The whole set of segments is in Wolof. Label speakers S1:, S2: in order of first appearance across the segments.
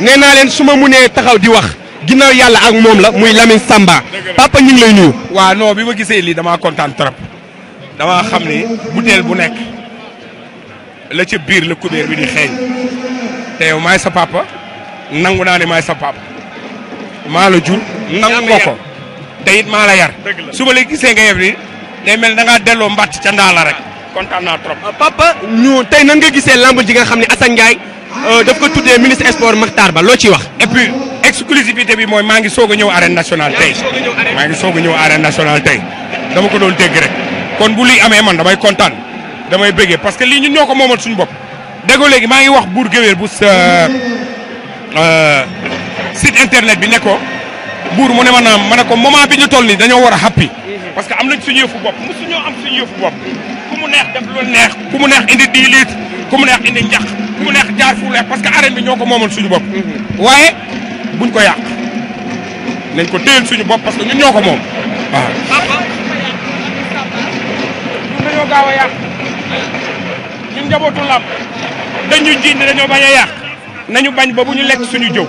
S1: nee naa leen su ma munee taxaw di wax ginnaaw yàlla ak moom la muy Lamine Samba papa ñu la lay nuyu. waaw bi ma gisee lii damaa kontaan trop damaa xam ni butéel bu nekk la ca biir la kubéer bi di xeeñ te yow maay sa papa nangu naa ne maay sa papa maa la jur. nangu nga ko te it maa la yar. su ma la gisee nga yef ni day mel da ngaa delloo mbàtt ca la rek kontaan naa trop. papa ñu tey nan nga gisee lamb ji nga xam ne Assane Ndiaye Euh, daf ko tuddé ministre sport Makhtar Ba lo ci wax. et puis exclusivité bi moy maa ngi soog a arène nationale tay maa ngi soog a arène nationale tay dama ko doon dégg rek kon bu li amé man damay contane damay bëggee parce que li ñun ñoko momal suñu bop déggoo légui maa ngi wax bour gewer bu euh site internet bi neko bour mu ne ma naam ma ko moment bi ñu toll ni dañoo wara happy. parce que am nañ suñu yëfu bopp mu suñoo am suñu yëfu bopp ku mu neex def lu neex ku mu neex indi 10 litres ku mu neex indi njaq ku mu neex jaar fu neex parce que arène bi ñoo ko moomal suñu bopp mhm. waaye buñ ko yàq nañ ko téyel suñu bopp parce que ñun ñoo ko moom waaw ñun dañoo gaaw a yàq ñun njabootu làmb dañuy jiit ne dañoo bañ a yàq nañu bañ ba bu ñu lekk suñu jëw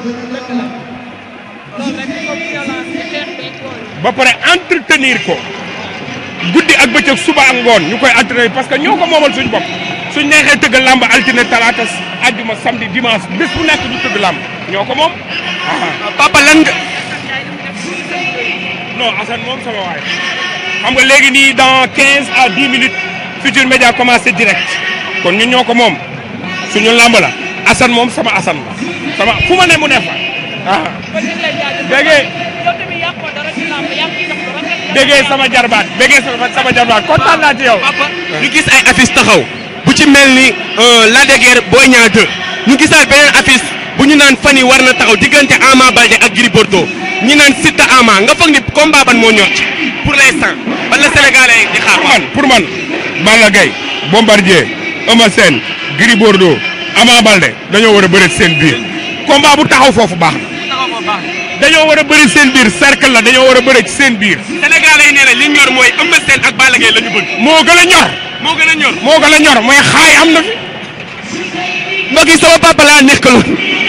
S1: ba paré entretenir ko goudi ak bëccëg suba ak ngone ñukoy entretenir parce que ñoko momal suñ bop suñ nexé teug lamb altiné talaata aljuma samedi dimanche bés bu nekk ñu teug lamb ñoko mom ah. papa lang non asan mom sama way xam nga légui ni dans 15 à 10 minutes futur Médias commencer direct kon ñun ñoko mom suñu lamb la asan mom sama asan sama fuma né mu ne fa ah. bëggee sama jarbaat bëggee sama jarbaat kontaan naa ci yow. ñu gis ay affiches taxaw bu ci mel ni euh, Lac de Guiers Boy Niang 2 ñu gisaat beneen affiche bu ñu naan fan yi war na taxaw diggante Ama Baldé ak Gris Bordeaux ñi naan Siteu Ama nga foog ni combat ban moo ñor ci pour l'instant ban la Sénégalais pour man pour man Balla Gaye Bombardier Eumeu Sène Gris Bordeaux Ama Baldé dañoo war a bëreet seen biir combat bu taxaw foofu baax dañoo war a bëri seen biir cercle la dañoo war a bëri ci seen biir. Sénégalais yi nee na li ñor mooy Eumeu Sène ak Balla Gaye la ñu moo gën a ñor. moo gën a ñor moo gën a ñor mooy xaay am na fi. mbokk yi sama papa laa nekkaloon.